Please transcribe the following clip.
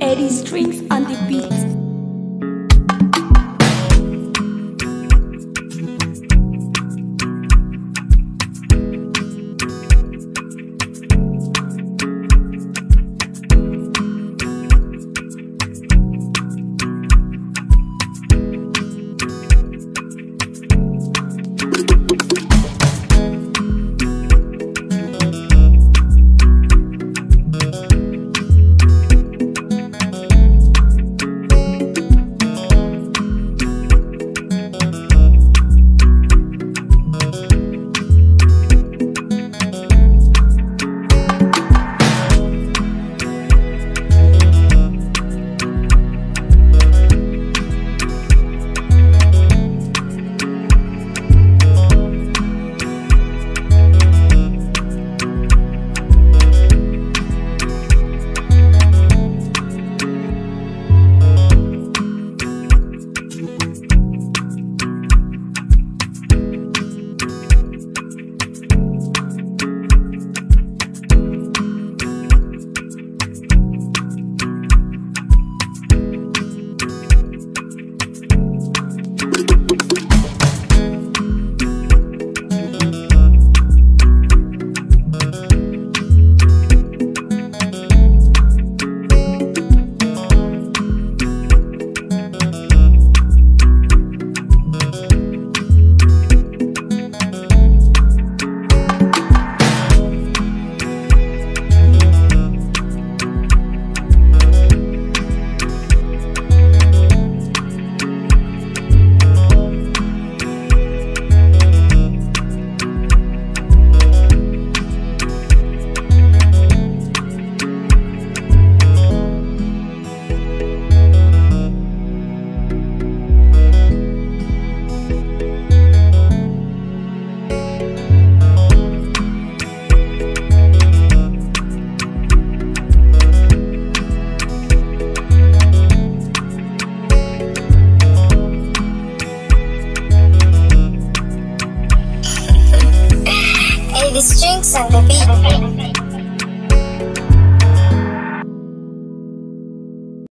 Eddie's strings on the beat. the strings and the beat.